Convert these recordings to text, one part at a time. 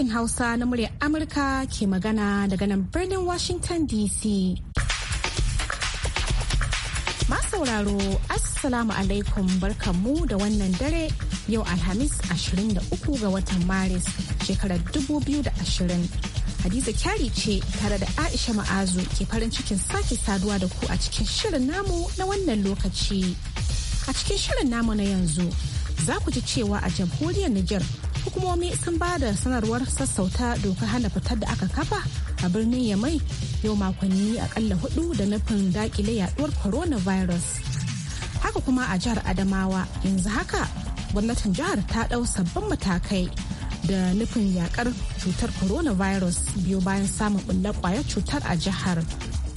sashen Hausa na muryar Amurka ke magana daga nan birnin Washington DC. sauraro Assalamu alaikum barkanmu da wannan dare yau Alhamis 23 ga watan Maris shekarar 2020. Hadiza kyari ce tare da Aisha Ma'azu ke farin cikin sake saduwa da ku a cikin shirin namu na wannan lokaci. A cikin shirin namu na yanzu za ku ji cewa a jamhuriyar Nijar hukumomi sun ba da sanarwar sassauta doka hana fitar da aka kafa a birnin yamai yau makonni akalla hudu da nufin dakile yaduwar coronavirus haka kuma a jihar adamawa yanzu haka gwamnatin jihar ta dau sabbin matakai da nufin yakar cutar coronavirus biyu bayan samun bullar kwayar cutar a jihar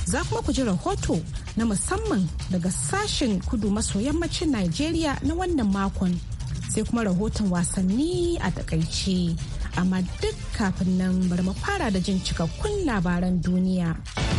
za kuma ku ji rahoto na musamman daga sashen kudu maso yammacin Najeriya na wannan makon sai kuma rahoton wasanni a takaice amma duk kafin nan bari mu fara da jin cikakkun labaran duniya.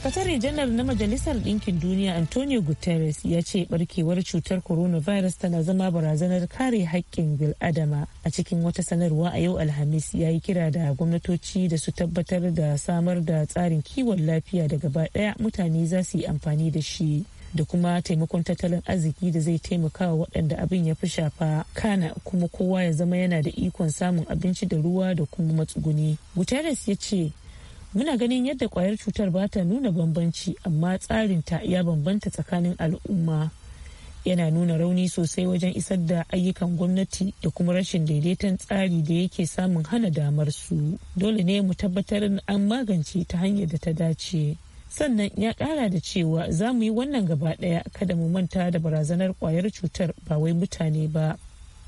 sakatare janar na majalisar ɗinkin duniya antonio guterres ya ce barkewar cutar coronavirus tana zama barazanar kare haƙƙin bil'adama a cikin wata sanarwa a yau alhamis ya yi kira da gwamnatoci da su tabbatar da samar da tsarin kiwon lafiya da gaba ɗaya mutane za su yi amfani da shi da kuma taimakon tattalin arziki da zai taimaka wa waɗanda abin ya fi shafa kana kuma kowa ya zama yana da ikon samun abinci da ruwa da kuma matsuguni guterres ya ce muna ganin yadda kwayar cutar ba ta nuna bambanci amma tsarin ta ya bambanta tsakanin al'umma yana nuna rauni sosai wajen isar da ayyukan gwamnati da kuma rashin daidaiton tsari da yake samun hana damar su dole ne mu tabbatar an magance ta hanyar da ta dace sannan ya kara da cewa za mu yi wannan gaba daya kada mu manta da barazanar kwayar cutar ba wai mutane ba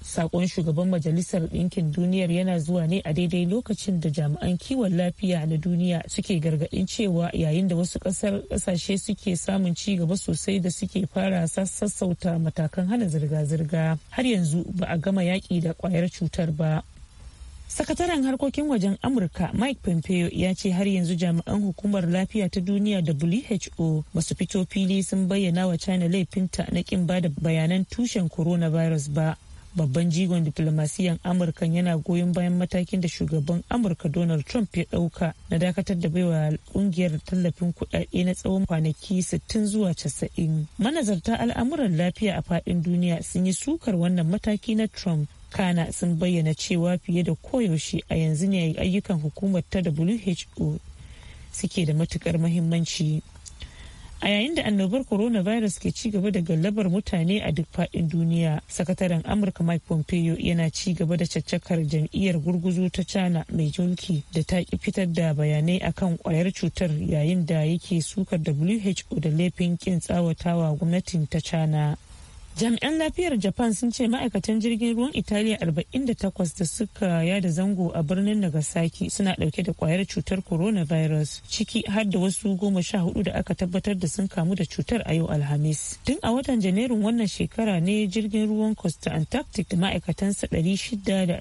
Sakon shugaban Majalisar Ɗinkin Duniyar yana zuwa ne a daidai lokacin da jami'an kiwon lafiya na duniya suke gargaɗin cewa yayin da wasu ƙasashe suke samun ci gaba sosai da suke fara sassauta matakan hana zirga-zirga har yanzu ba a gama yaƙi da ƙwayar cutar ba. Sakataren harkokin wajen Amurka Mike Pompeo ya ce har yanzu jami'an hukumar lafiya ta duniya WHO basu fito fili sun bayyana wa China laifinta na kin bada bayanan tushen coronavirus ba. babban jigon diplomasiyan amurka yana goyon bayan matakin da shugaban amurka donald trump ya dauka na dakatar da baiwa kungiyar tallafin kudade na tsawon kwanaki 60 zuwa 90 manazarta al'amuran lafiya a fadin duniya sun yi sukar wannan mataki na trump kana sun bayyana cewa fiye da koyaushe a yanzu ne ayyukan hukumar ta who suke da matukar muhimmanci a yayin da annobar coronavirus ke ci gaba da gallabar mutane a duk faɗin duniya sakataren amurka mike pompeo yana ci gaba da caccakar jam'iyyar gurguzu ta china mai junki da ta ki fitar da bayanai akan kwayar cutar yayin da yake sukar who da laifin kin tsawatawa gwamnatin ta china jami'an lafiyar japan sun ce ma'aikatan jirgin ruwan italiya 48 da suka yada zango a birnin nagasaki suna dauke da kwayar cutar coronavirus ciki har da wasu goma sha hudu da aka tabbatar da sun kamu da cutar a yau alhamis tun a watan janairun wannan shekara ne jirgin ruwan costa antarctic da da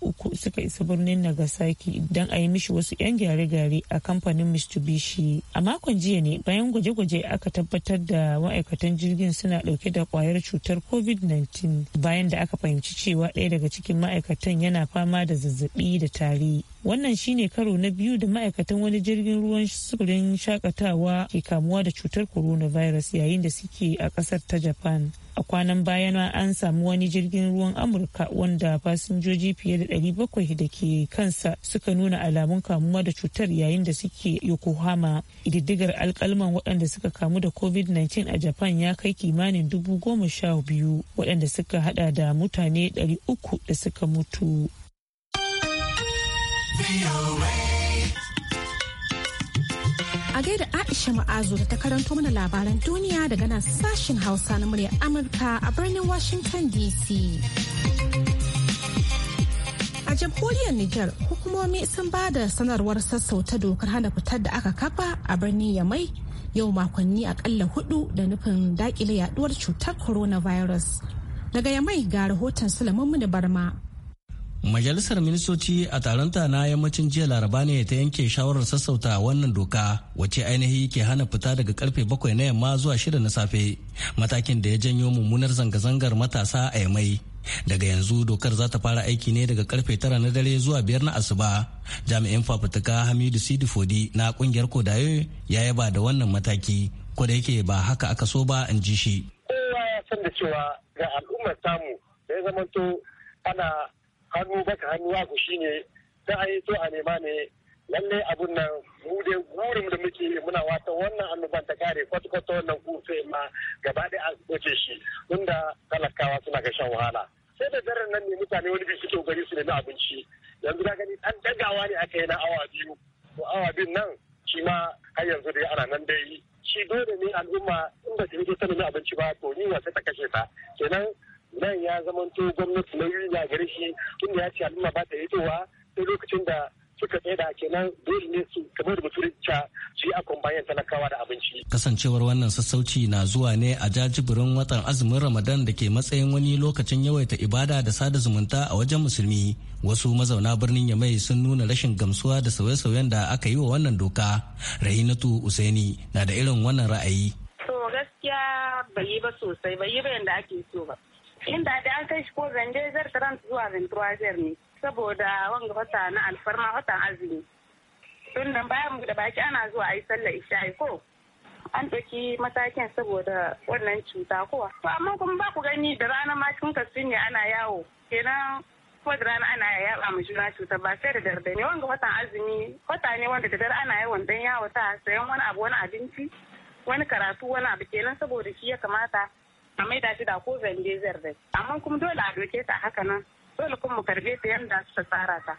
uku suka isa birnin nagasaki don a yi mishi wasu 'yan gyare-gyare a kamfanin mitsubishi a makon jiya ne bayan gwaje-gwaje aka tabbatar da ma'aikatan jirgin suna dauke da kwayar na cutar covid-19 bayan da aka fahimci cewa ɗaya daga cikin ma'aikatan yana fama da zazzabi da tari wannan shine karo na biyu da ma'aikatan wani jirgin ruwan sufurin shakatawa ke kamuwa da cutar coronavirus yayin da suke a kasar ta japan a kwanan bayana an samu wani jirgin ruwan amurka wanda fasinjoji fiye da 700 da ke kansa suka nuna alamun kamuwa da cutar yayin da suke yokohama ididdigar alkalman waɗanda suka kamu da covid-19 a japan ya kai kimanin dubu goma sha biyu waɗanda suka hada da mutane 300 da suka mutu A gaida Aisha Ma'azu da ta karanto mana labaran duniya daga nan sashen Hausa na muryar Amurka a birnin Washington DC. A jamhuriyar Nijar hukumomi sun ba da sanarwar sassauta dokar hana fitar da aka kafa a birnin Yamai yau makonni akalla hudu da nufin dakile yaduwar cutar coronavirus. Daga Yamai ga rahoton Sulaiman Barma. Majalisar Ministoci a taronta na yammacin jiya Laraba ne ta yanke shawarar sassauta wannan doka wacce ainihi ke hana fita daga karfe bakwai na yamma zuwa shida na safe matakin da ya janyo mummunar zanga-zangar matasa a yamai. Daga yanzu dokar za ta fara aiki ne daga karfe tara na dare zuwa biyar na asuba. Jami'in fafutuka Hamidu Sidi Fodi na kungiyar kodaye ya yaba da wannan mataki ko da yake ba haka aka so ba in ji shi. Kowa ya san da cewa ga al'ummar samu da ya zamanto ana hannu baka hannu shi shine ta a yi so a nema ne lallai abun nan gude da gurin da muke muna wata wannan annoban ta kare kwatkwato wannan kufe ma gaba da a goce shi inda talakawa suna ga shan wahala sai da daren nan ne mutane wani bisu to gari su nemi abinci yanzu da gani dan dagawa ne aka yi na awa biyu to awa biyun nan shi ma har yanzu dai ana nan dai shi dole ne al'umma inda ta yi ta nemi abinci ba to ni wasa ta kashe ta kenan nan ya zamanto gwamnati na yi gare shi tunda ya ce al'umma ba ta hitowa sai lokacin da suka tsaye da kenan dole ne su kamar da mutum ta su yi akwambayan talakawa da abinci. Kasancewar wannan sassauci na zuwa ne a jajibirin watan azumin Ramadan da ke matsayin wani lokacin yawaita ibada da sada zumunta a wajen musulmi. Wasu mazauna birnin Yamai sun nuna rashin gamsuwa da sauye-sauyen da aka yi wa wannan doka. Rahinatu Usaini na da irin wannan ra'ayi. To gaskiya bai yi ba sosai bai yi ba yanda ake so ba. inda da an kai shi ko zanje zar taran zuwa zar ne saboda wanga wata na alfarma watan azumi tun da bayan da baki ana zuwa a yi sallar isha'i ko an ɗauki matakin saboda wannan cuta ko to amma kuma ba ku gani da rana ma kun kasu ne ana yawo kenan ko da rana ana yaba mu juna cuta ba sai da dare ne wanga watan azumi wata ne wanda da dare ana yawan dan yawo ta sayan wani abu wani abinci wani karatu wani abu kenan saboda shi ya kamata a maida shi da ko zanje zardai amma kuma dole a doke ta haka nan dole kuma mu karbe ta yanda suka tsara ta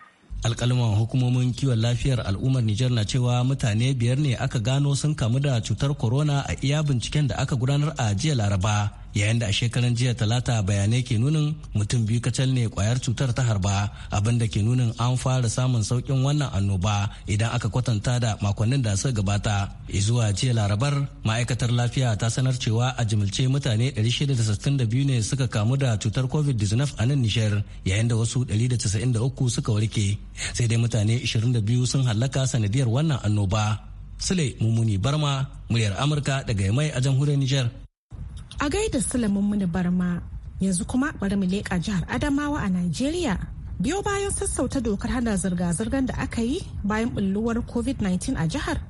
alkalman hukumomin kiwon lafiyar al'ummar Nijar na cewa mutane biyar ne aka gano sun kamu da cutar corona a iya binciken da aka gudanar a jiya laraba yayin da a shekaran jiya talata bayanai ke nunin mutum biyu kacal ne kwayar cutar ta harba abin da ke nunin an fara samun saukin wannan annoba idan aka kwatanta da makonnin da suka gabata zuwa jiya larabar ma'aikatar lafiya ta sanar cewa a jimilce mutane 662 ne suka kamu da cutar covid-19 a nan nishar yayin da wasu 193 suka warke sai dai mutane 22 sun hallaka sanadiyar wannan annoba sule mummuni barma muryar amurka daga mai a jamhuriyar nijar A gaida sulamin Muni Barma yanzu kuma bari mu leƙa jihar Adamawa a Najeriya. Biyo bayan sassauta dokar hana zirga-zirgar da aka yi bayan bulluwar COVID-19 a jihar,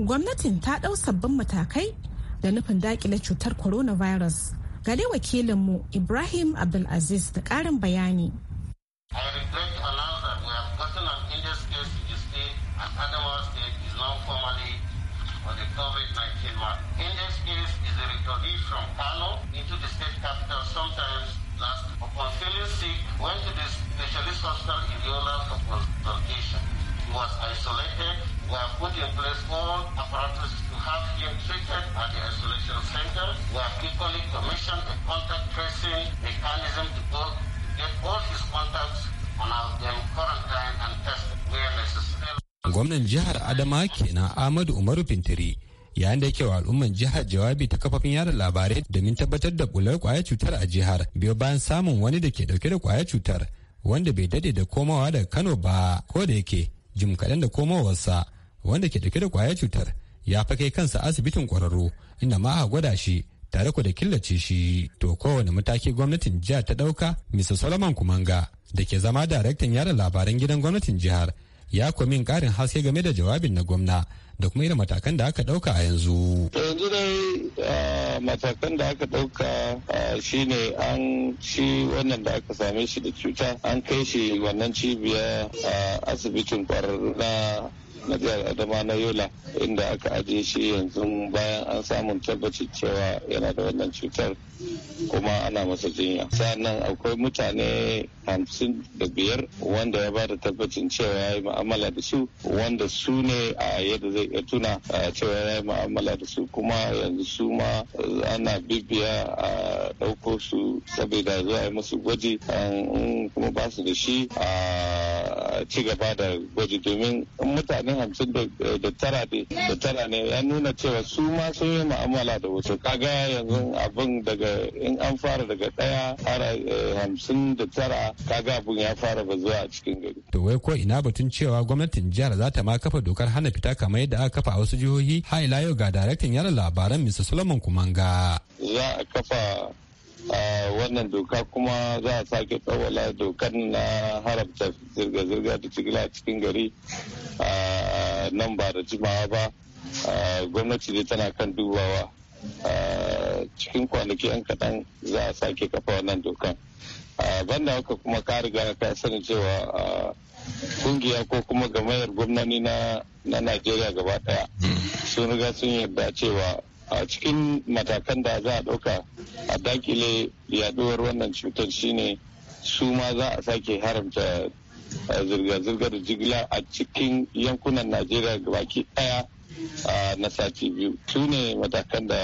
gwamnatin ta ɗau sabbin matakai da nufin daƙile cutar coronavirus. Gare wakilinmu Ibrahim Abdulaziz da ƙarin bayani. When the specialist hospital in Yola for consultation was isolated, we have put in place all apparatus to have him treated at the isolation center. We have equally commissioned a contact tracing mechanism to go get all his contacts and have them quarantine and tested where necessary. Gwamnan jihar Adama kenan Ahmadu Umaru Fintiri yayin da yake wa al'ummar jihar jawabi ta kafafin yada labarai domin tabbatar da bular kwayar cutar a jihar biyo bayan samun wani da ke dauke da kwayar cutar wanda bai dade da komawa daga kano ba ko da yake jim kaɗan da komawarsa wanda ke dauke da kwayar cutar ya fa kai kansa asibitin kwararru inda ma a gwada shi tare ku da killace shi to kowane mataki gwamnatin jihar ta ɗauka mr solomon kumanga da ke zama daraktan yada labaran gidan gwamnatin jihar ya kwamin karin haske game da jawabin na gwamna da kuma irin matakan da aka dauka a yanzu. yanzu dai matakan da aka dauka shine an ci wannan da aka same shi da cuta an kai shi wannan cibiya asibitin kwarar na jihar adama na yola inda aka ajiye shi yanzu bayan an samun tabbacin cewa yana da wannan cutar kuma ana masa jinya sannan akwai mutane hamsin da biyar wanda ya ba da tabbacin cewa ya yi ma'amala da su wanda su ne a yadda zai iya tuna cewa ya yi ma'amala da su kuma yanzu su ma eh, ana bibiya a ɗauko su saboda zuwa yi musu gwaji kuma ba su da shi a ci gaba da gwaji domin mutane hamsin da tara ne da tara ne ya nuna cewa su ma sun yi mu'amala da wasu kaga yanzu abin daga in an fara daga daya fara eh, hamsin da tara kaga abin ya fara ba a cikin gari. to wai ko ina batun cewa gwamnatin jihar za ta ma kafa dokar hana fita kamar yadda aka kafa a wasu jihohi ha ila yau ga daraktan yara labaran mr solomon kumanga. za a kafa wannan doka kuma za a sake tsawala dokar na harabta zirga-zirga da jigila cikin gari nan ba da jimawa ba gwamnati dai tana kan dubawa cikin kwanaki 'yan kaɗan za a sake kafa wannan dokan banda haka kuma ka riga ka sani cewa kungiya ko kuma gamayar gwamnani na najeriya gaba daya hmm. sun riga sun yarda cewa a cikin matakan da za a ɗauka a dakile yaduwar wannan cutar shine su ma za a sake haramta zirga-zirgar jigila a cikin yankunan najeriya baki daya na sati biyu su ne matakan da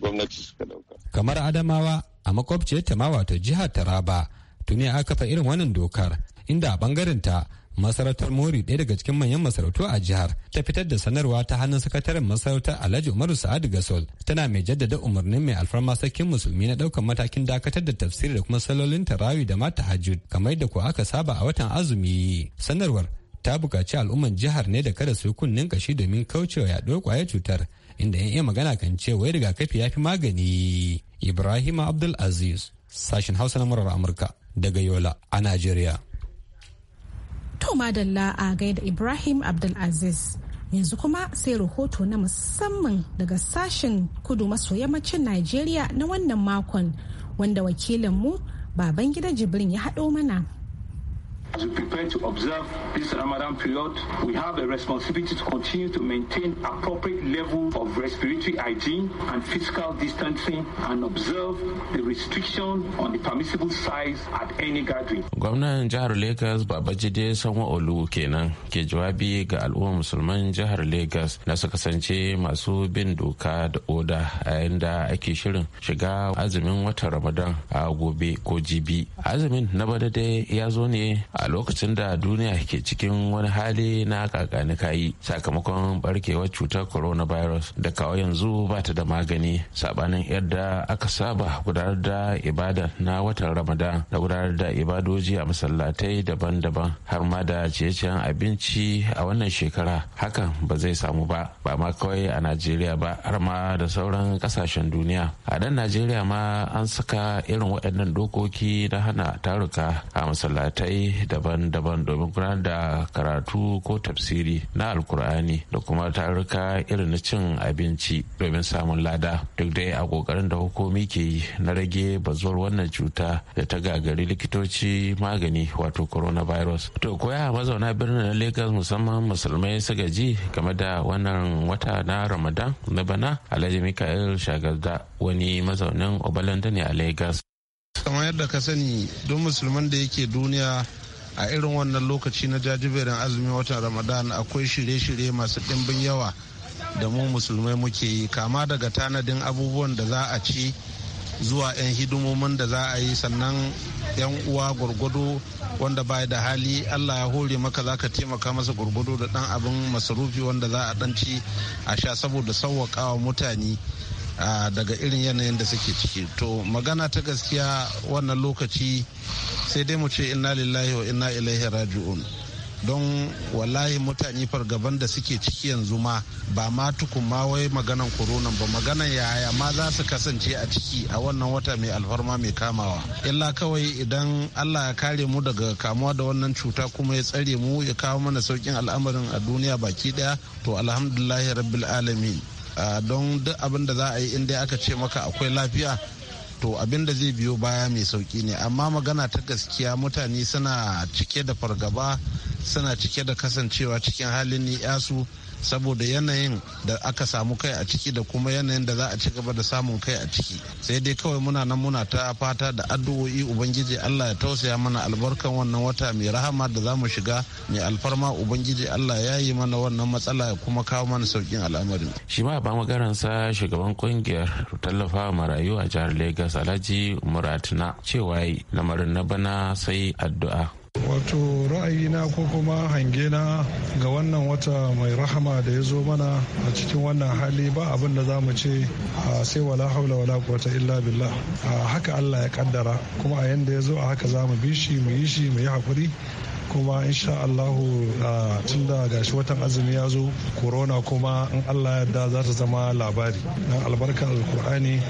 gwamnati suka ɗauka. kamar adamawa a makwabciyar mawa ta jihar taraba tuni aka fa irin wannan dokar inda a bangarinta masarautar mori ɗaya daga cikin manyan masarautu a jihar ta fitar da sanarwa ta hannun sakataren masarautar alhaji umaru sa'ad gasol tana mai jaddada umarnin mai alfarma sarkin musulmi na ɗaukar matakin dakatar da tafsiri da kuma salolin tarawi da mata hajjud kamar da ko aka saba a watan azumi sanarwar ta buƙaci al'umman jihar ne da kada su kunnen kashi domin kaucewa yaɗuwar kwayar cutar inda 'yan magana kan ce wai rigakafi ya fi magani ibrahim abdul aziz sashen hausa na murar amurka daga yola a najeriya To madalla a gaida Ibrahim Abdulaziz. Yanzu kuma sai rahoto na musamman daga sashen kudu maso yammacin Najeriya na wannan makon wanda wakilinmu baban gidan Jibrin ya haɗo mana. As we prepare to observe this Ramadan period, we have a responsibility to continue to maintain appropriate level of respiratory hygiene and physical distancing and observe the restriction on the permissible size at any gathering. Gwamnan jihar Lagos Babajide Sanwo-Olu kenan ke jawabi ga al'ummar musulman jihar Lagos na su kasance masu bin doka da oda a yayin da ake shirin shiga azumin watan Ramadan a gobe ko jibi. Azumin na bada ya zo ne a lokacin da duniya ke cikin wani hali na kakani kayi sakamakon barkewar cutar coronavirus da kawo yanzu ba ta da magani sabanin yadda aka saba gudanar da ibada na watan ramadan da gudanar da ibadoji a masallatai daban-daban har ma da ciye-ciyen abinci a wannan shekara hakan ba zai samu ba ba ma kawai a najeriya ba har ma da sauran kasashen duniya a dan najeriya ma an saka irin waɗannan dokoki na hana taruka a masallatai da daban-daban domin gudanar da karatu ko tafsiri na alkur'ani da kuma taruka irin na cin abinci domin samun lada duk dai a kokarin da hukumi ke yi na rage bazuwar wannan cuta da ta gagari likitoci magani wato coronavirus to koya mazauna birnin na lagos musamman musulmai suka ji game da wannan wata na ramadan na bana alhaji mikael shagarda wani mazaunin obalanda ne a lagos kamar yadda ka sani don musulman da yake duniya a irin wannan lokaci na jajiberin azumin watan ramadan akwai shirye-shirye masu ɗimbin yawa da mu musulmai muke yi kama daga tanadin abubuwan da za a ci zuwa 'yan hidimomin da za a yi sannan 'yan uwa gwargwado wanda baya da hali allah ya hore maka za ka taimaka masa gwargwado da dan abin masarufi wanda za a danci a sha saboda sauwaƙawa mutane daga irin yanayin da suke ciki to magana ta gaskiya wannan lokaci sai dai mu ce inna lillahi wa inna ilaihi raji'un don wallahi mutane fargaban da suke ciki yanzu ma ba ma tukun ma wai maganan koronan ba maganan yaya ma za su kasance a ciki a wannan wata mai alfarma mai kamawa illa kawai idan allah ya kare mu daga kamuwa da wannan cuta kuma ya tsare mu ya kawo mana saukin al'amarin a duniya baki daya to alhamdulillahi rabbil alamin Ah, don duk abin da za a yi inda aka ce maka akwai lafiya to abin da zai biyo baya mai sauki ne amma magana ta gaskiya mutane suna cike da fargaba suna cike da kasancewa cikin halin ni'yasu saboda yanayin da aka samu kai a ciki da kuma yanayin da za a ci gaba da samun kai a ciki sai dai kawai muna nan muna ta fata da addu'o'i ubangiji allah ya tausaya mana albarkan wannan wata mai rahama da za mu shiga mai alfarma ubangiji allah ya yi mana wannan matsala ya kuma kawo mana saukin al'amarin shi ma ba magaransa shugaban kungiyar tallafa marayu a jihar lagos alhaji muratina cewa lamarin na bana sai addu'a wato ra'ayina ko kuma hangena ga wannan wata mai rahama da ya zo mana a cikin wannan hali ba abin da za mu ce a ah, sai wala haula wala quwata illa billah ah, haka Allah ya kaddara kuma a yanda ya zo a haka za mu bi shi mu yi shi mu yi hakuri kuma insha Allahu tun da gashi watan azumi ya zo corona kuma in Allah yarda za ta zama labari na albarka alkur'ani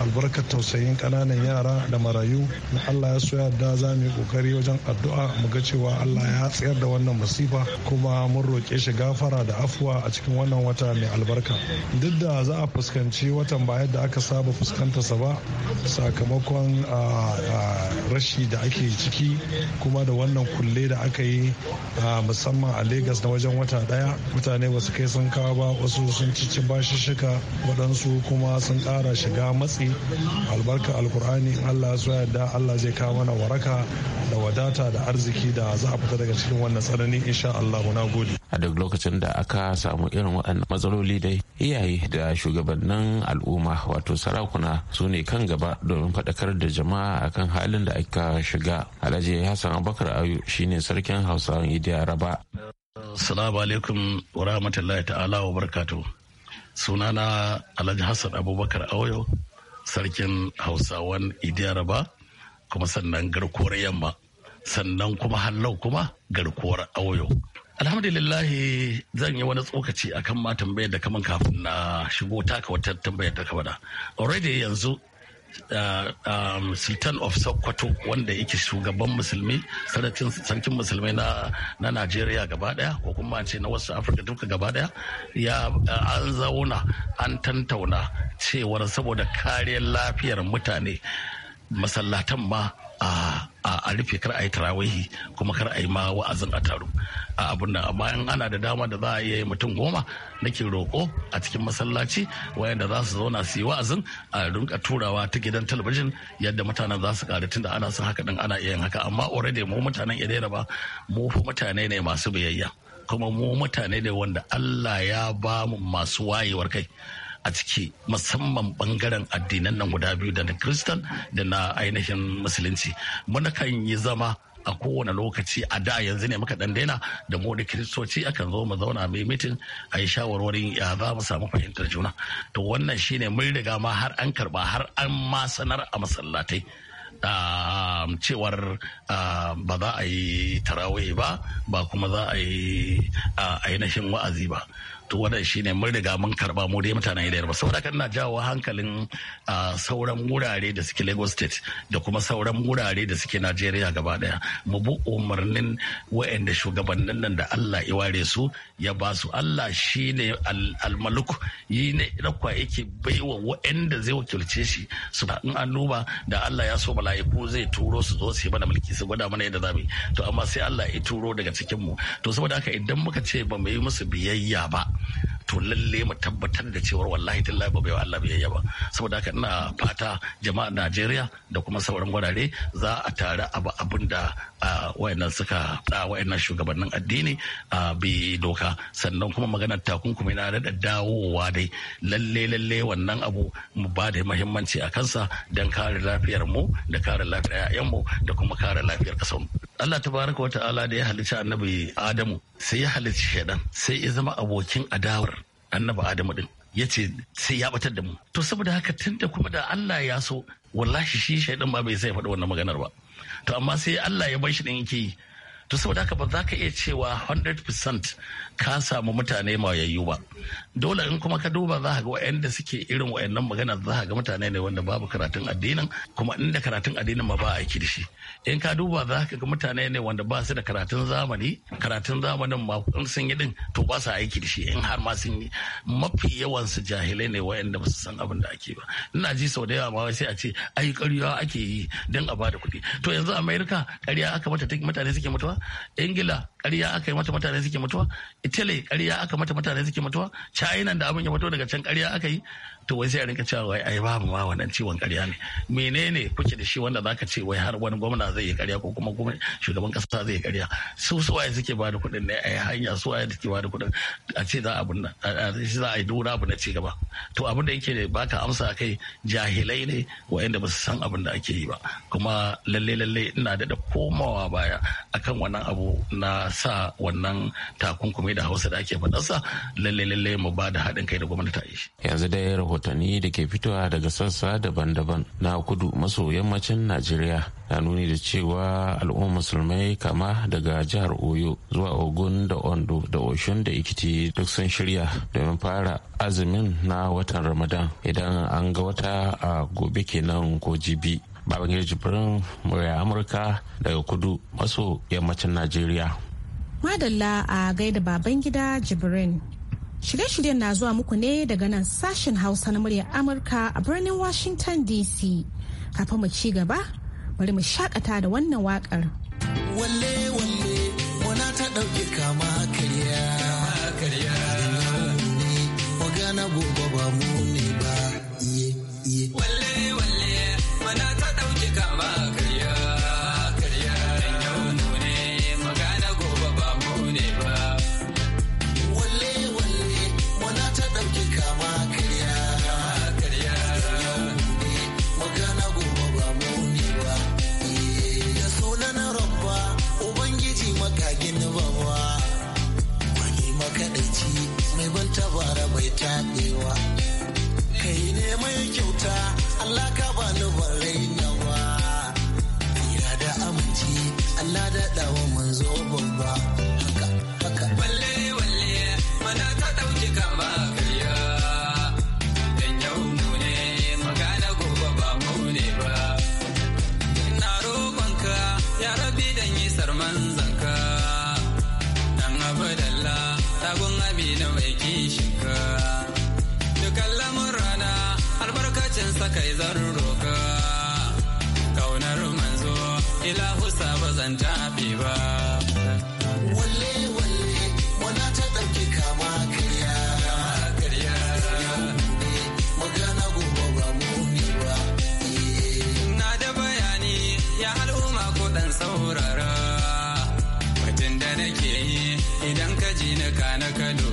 albarkar tausayin kananan yara da marayu na Allah ya so yarda za mu yi kokari wajen addu'a mu ga cewa Allah ya tsayar da wannan masifa kuma mun roƙe shi gafara da afuwa a cikin wannan wata mai albarka duk da za a fuskanci watan ba yadda aka saba fuskantarsa ba sakamakon rashi da ake ciki kuma da wannan kulle da da aka yi musamman a Legas na wajen wata daya mutane ba su kai sun kawo ba wasu sun cici shika waɗansu kuma sun ƙara shiga matsi albarka alkur'ani Allah su yarda Allah zai kawo mana waraka da wadata da arziki da za a fita daga cikin wannan tsanani insha Allah na gode. A duk lokacin da aka samu irin waɗannan matsaloli dai iyaye da shugabannin al'umma wato sarakuna su ne kan gaba domin faɗakar da jama'a akan halin da aka shiga. Alhaji Hassan Abubakar Ayu shine sarkin hausa idi araba salamu alaikum wa rahmatullahi ta'ala wa barkatu sunana alhaji hassan abubakar auyo sarkin hausawan idi araba kuma sannan garkuwar yamma sannan kuma hallau kuma garkuwar auyo alhamdulillahi zan yi wani tsokaci akan ma tambayar da kaman kafin na shigo taka wata tambayar da kamada already yanzu Uh, um, sultan of sokoto wanda yake shugaban musulmi sarkin musulmai na najeriya gaba daya ko kuma ce na wasu afirka duka gaba daya ya uh, an zauna an tantauna cewar saboda kariyar lafiyar mutane masallatan ma a rufe kar a yi tarawahi kuma kar a yi ma wa'azin a taro a abun da Bayan ana da dama da za a yi mutum goma nake roƙo a cikin masallaci wayanda za su zauna su yi wa'azin a rinka turawa ta gidan talabijin yadda mutanen za su ƙari tunda ana son haka din ana iya yin haka amma already mu mutanen idera ba mu mutane ne masu biyayya kuma mu mutane ne wanda Allah ya ba mu masu wayewar kai a ciki musamman bangaren addinan nan guda biyu da na kristan da na ainihin musulunci muna kan yi zama a kowane lokaci a da yanzu ne muka dan daina da mu da kiristoci akan zo mu zauna mai mitin a yi shawarwarin ya za mu samu fahimtar juna to wannan shine mun riga ma har an karba har an ma sanar a masallatai cewar ba za a yi tarawih ba ba kuma za a yi ainihin wa'azi ba to wannan shine mun riga mun karba mu dai mutanen da yarba saboda kan na jawo hankalin sauran wurare da suke Lagos State da kuma sauran wurare da suke Najeriya gaba daya mu bi umarnin waɗanda shugabannin nan da Allah ya ware su ya ba su Allah shine almaluk yi ne rakwa yake baiwa waɗanda zai wakilce shi su ba in an nuba da Allah ya so mala'iku zai turo su zo su yi mana mulki su gwada mana yadda zamu to amma sai Allah ya turo daga cikin mu to saboda haka idan muka ce ba mu yi musu biyayya ba to lalle mu tabbatar da cewar wallahi tallahi ba baiwa Allah biyayya ba saboda haka ina fata jama'a Najeriya da kuma sauran gurare za a tare abu abin da wayannan suka da wayannan shugabannin addini a bi doka sannan kuma maganar takunkumi na da dawowa dai lalle lalle wannan abu mu ba da muhimmanci a kansa don kare lafiyar mu da kare lafiyar 'ya'yan mu da kuma kare lafiyar kasar mu Allah tabaraka wa ta'ala da ya halicci annabi Adamu sai ya halicci shaidan sai ya zama abokin adawar annabi Adamu din ya ce sai ya batar da mu to saboda haka tun da kuma da Allah ya so wallahi shi shaidan ba bai sai faɗi wannan maganar ba to amma sai Allah ya bar shi din yake to saboda haka ba za ka iya cewa 100% ka samu mutane mayayyu ba dole in kuma ka duba za ka ga waɗanda suke irin waɗannan magana za ka ga mutane ne wanda babu karatun addinin kuma inda karatun addinin ma ba aiki da shi in ka duba za ka ga mutane ne wanda ba su da karatun zamani karatun zamanin ma in sun yi din to ba su aiki da shi in har ma sun yi mafi yawan su jahilai ne waɗanda ba su san abin da ake ba ina ji sau da yawa ma sai a ce ai ƙarya ake yi don a bada kuɗi to yanzu amerika ƙarya aka mata mutane suke mutuwa ingila ƙarya aka yi mata mutane suke mutuwa italy ƙarya aka mata mutane suke mutuwa china da abin ya fito daga can ƙarya aka yi to wai sai a rinka cewa wai ai babu ma wannan ciwon ƙarya ne menene kuke da shi wanda zaka ce wai har wani gwamna zai yi ƙarya ko kuma kuma shugaban kasa zai yi ƙarya su suwaye suke ba da kuɗin ne a hanya suwaye suke ba da kuɗin a ce za a za a yi dora abu na ci gaba to abin da yake baka amsa kai jahilai ne waɗanda ba su san abin da ake yi ba kuma lalle lalle ina da komawa baya akan wannan abu na sa wannan takunkumi da hausa da ake faɗarsa lalle lalle mu ba da haɗin kai da gwamnati ta yi yanzu dai rahotanni da ke fitowa daga sassa daban-daban na kudu maso yammacin najeriya na nuni da cewa al'ummar musulmai kama daga jihar oyo zuwa ogun da ondo da oshun da ikiti duk sun shirya domin fara azumin na watan ramadan idan an ga wata a gobe kenan ko jibi babangir jibrin murya amurka daga kudu maso yammacin najeriya Madalla a gaida baban gida Jibrin. Shirye-shiryen na zuwa muku ne daga nan sashen Hausa na muryar Amurka a birnin Washington DC. Kafin mu ci gaba, bari mu shakata da wannan wakar. Wale. Dukkan dukan rana, albarkacin sakai zan roka kaunar manzo ilahu ba zan tafi ba da bayani ya al'umma kuɗin saurara mutum da nake yi idan ka ji na kano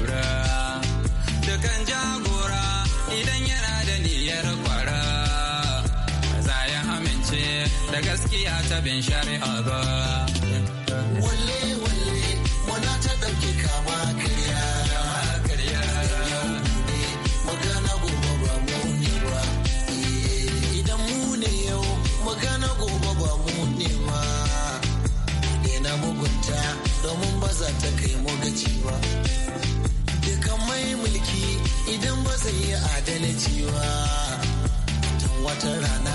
tsakiya ta bin shari'a ba. Walle walle muna ta ɗauki kama karya. Karya. Magana gobe ba mu ne ba. Eh, idan mu ne yau magana gobe ba mu ne ba. mugunta domin ba za ta kai mu gaci ba. Dukan mai mulki idan ba zai yi adalci ba. Tun wata rana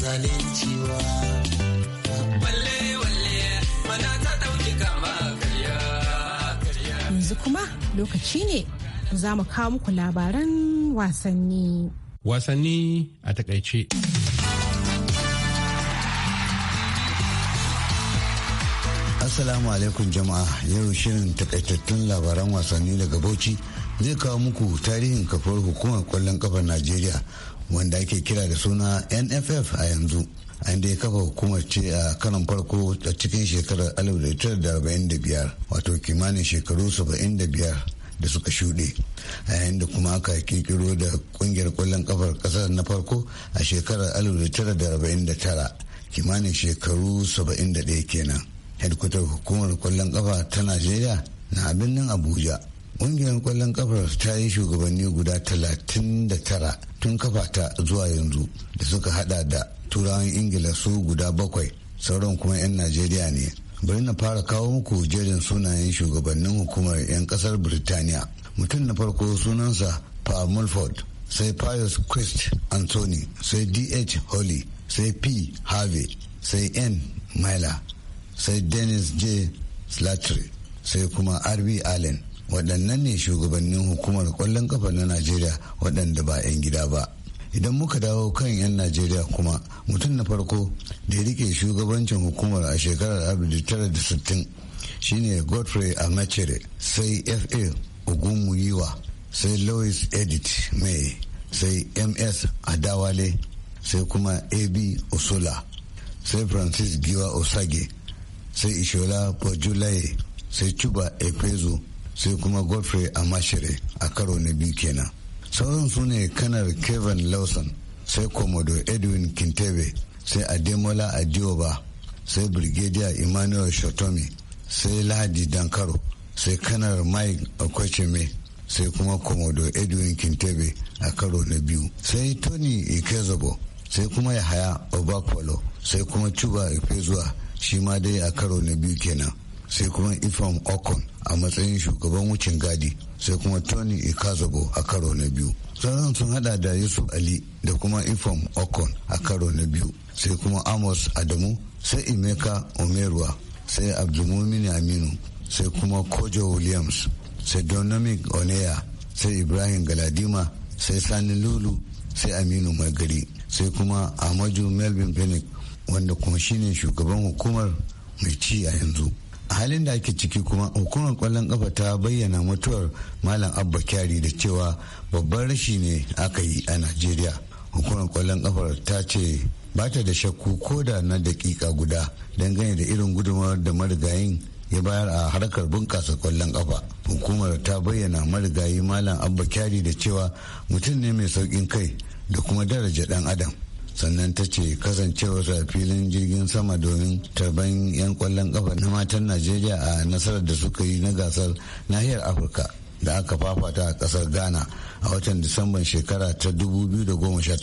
zalunci ba. Walle walle mana ta ɗauki kama karya. Yanzu kuma lokaci ne za mu kawo muku labaran wasanni. Wasanni a takaice. Assalamu alaikum jama'a yau shirin takaitattun labaran wasanni daga Bauchi zai kawo muku tarihin kafar hukumar kwallon kafar najeriya wanda ake kira da suna nff a yanzu an ya kafa hukumar ce a karon farko a cikin shekarar 1945 wato kimanin shekaru 75 da suka shuɗe a yayin da kuma aka kirkiro da ƙungiyar kwallon kafar ƙasar na farko a shekarar 1949 kimanin shekaru 71 kenan hedkwatar hukumar kwallon kafa ta najeriya na birnin abuja ƙungiyar ƙwallon ƙafar ta yi shugabanni guda talatin da tara tun kafa ta zuwa yanzu da suka hada da turawan ingila su guda bakwai sauran kuma 'yan najeriya ne bari na fara kawo muku jerin sunayen shugabannin hukumar 'yan kasar birtaniya mutum na farko sunansa pa mulford sai pius christ anthony sai dh holly sai p harvey sai n mila sai dennis j slattery sai kuma rb allen waɗannan ne shugabannin hukumar ƙwallon ƙafa na najeriya waɗanda ba 'yan gida ba idan muka dawo kan 'yan najeriya kuma mutum na farko da ya rike shugabancin hukumar a shekarar sittin shine godfrey amachere sai fa ogunmuyiwa sai louis edit mai sai ms adawale sai kuma ab osula sai francis giwa osage sai ishola bojulaye sai chuba ekwezo sai kuma godfrey amashere a karo na biyu kenan sauran su ne kanar kevin lawson sai komodo edwin kintebe sai ademola adioba sai brigadier emmanuel shotomi sai lahadi dankaro sai kanar mike okocheme sai kuma komodo edwin kintebe a karo na biyu sai tony ikezobo sai kuma yahaya obakwalo sai kuma chuba ifezuwa shi ma dai a karo na biyu kenan sai kuma ifam okon a matsayin shugaban wucin gadi sai kuma tony ikazobo a karo na biyu sauran sun hada da yusuf ali da kuma ifam okon a karo na biyu sai kuma amos adamu sai imeka omerwa sai abdulmumin aminu sai kuma kojo williams sai donomic oneya sai ibrahim galadima sai sani lulu sai aminu mai gari sai kuma amaju melvin phoenix wanda kuma shine shugaban hukumar mai ci a yanzu a halin da ake ciki kuma hukumar kwallon kafa ta bayyana mutuwar malam abba kyari da cewa babban rashi ne aka yi a najeriya hukumar kwallon kafar ta ce ba ta da shakku ko da na dakika guda dangane da irin gudunmawar da marigayin ya bayar a harkar bunƙasa kwallon kafa hukumar ta bayyana marigayi malam abba kyari da cewa mutum ne mai saukin kai da kuma daraja dan adam sannan ta ce kasancewar a filin jirgin sama domin tarban 'yan kwallon kafa na matan najeriya a nasarar da suka yi na gasar nahiyar afirka da aka fafata a kasar ghana a watan disamban shekara ta 2018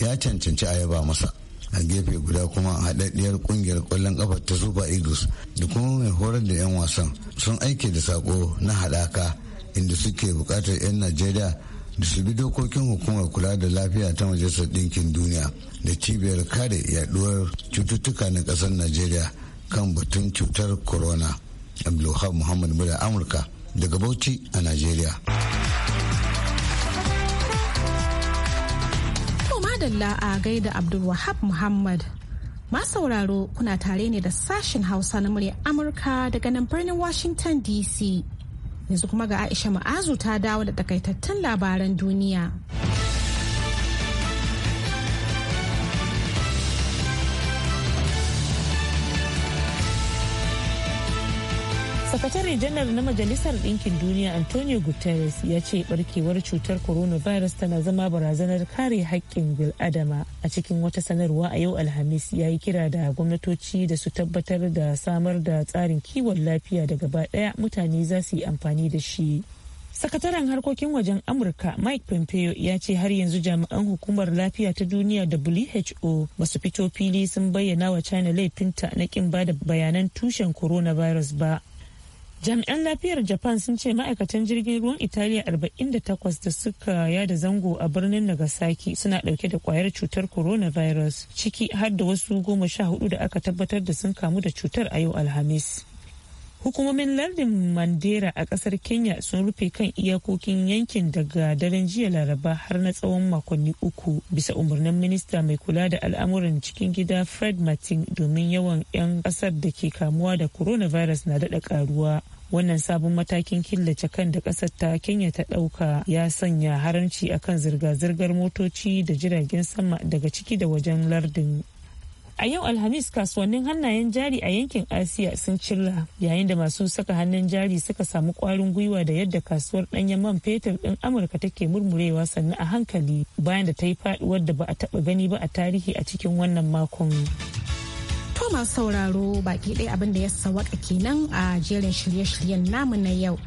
ya cancanci ayaba masa a gefe guda kuma haɗaɗɗiyar ƙungiyar ƙwallon ƙafa ta super eagles da kuma mai horar da 'yan wasan sun aike da sako na haɗaka inda suke buƙatar 'yan najeriya da su bi dokokin hukumar kula da lafiya ta majalisar ɗinkin duniya da cibiyar kare yaduwar cututtuka na ƙasar najeriya kan batun cutar corona abdulhab muhammad murya amurka daga bauchi a najeriya madalla a gaida abdulwahab muhammad ma sauraro kuna tare ne da sashen hausa na murya amurka daga nan birnin washington dc yanzu kuma ga aisha ma'azu ta dawo da takaitattun labaran duniya sakatare janar na majalisar ɗinkin duniya antonio guterres ya ce barkewar cutar coronavirus tana zama barazanar kare haƙƙin bil'adama a cikin wata sanarwa a yau alhamis ya yi kira da gwamnatoci da su tabbatar da samar da tsarin kiwon lafiya da gaba ɗaya mutane za su yi amfani da shi sakataren harkokin wajen amurka mike pompeo ya ce har yanzu jami'an hukumar lafiya ta duniya who masu fito fili sun bayyana wa china laifinta na kin bada bayanan tushen coronavirus ba jami'an lafiyar japan sun ce ma'aikatan jirgin ruwan italiya 48 da suka yada zango a birnin nagasaki suna dauke da kwayar cutar coronavirus ciki har da wasu goma sha hudu da aka tabbatar da sun kamu da cutar a yau alhamis hukumomin lardin mandera a kasar kenya sun rufe kan iyakokin yankin daga daren jiya laraba har na tsawon makonni uku bisa umarnin minista mai kula da al'amuran cikin gida fred martin domin yawan 'yan kasar da ke kamuwa da coronavirus na daɗa karuwa wannan sabon matakin killace kan da ƙasar ta kenya ta ɗauka ya sanya haramci akan zirga-zirgar motoci da jiragen sama daga ciki da wajen lardin A yau Alhamis kasuwannin hannayen jari a yankin Asiya sun cilla yayin da masu saka hannun jari suka samu kwarin gwiwa da yadda kasuwar ɗanyen man fetur din Amurka take murmurewa sannan a hankali bayan da ta yi faduwar da ba a taɓa gani ba a tarihi a cikin wannan makon. To sauraro baki ɗaya abin da ya sawaka kenan a jerin shirye-shiryen namu na yau.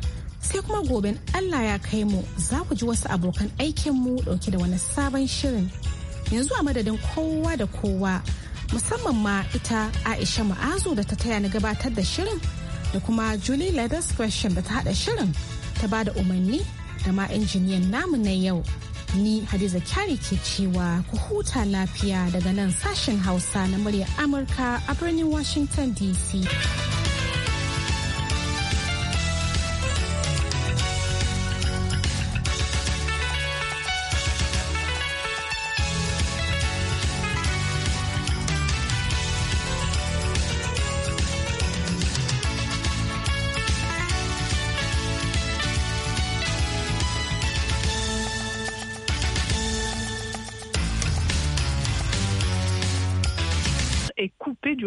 Sai kuma gobe Allah ya kai mu za ku ji wasu abokan aikinmu ɗauke da wani sabon shirin. Yanzu a madadin kowa da kowa musamman ma ita Aisha Ma'azu da ta taya ni gabatar da shirin da kuma Julie Leathers Question da ta haɗa shirin ta ba da umarni da ma injiniyan namu na yau. Ni Hadiza Kyari ke cewa ku huta lafiya daga nan sashen Hausa na murya Amurka a birnin Washington DC.